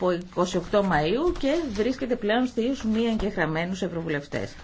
από 28 Μαΐου και βρίσκεται πλέον στους και χαμένους ευρωβουλευτές.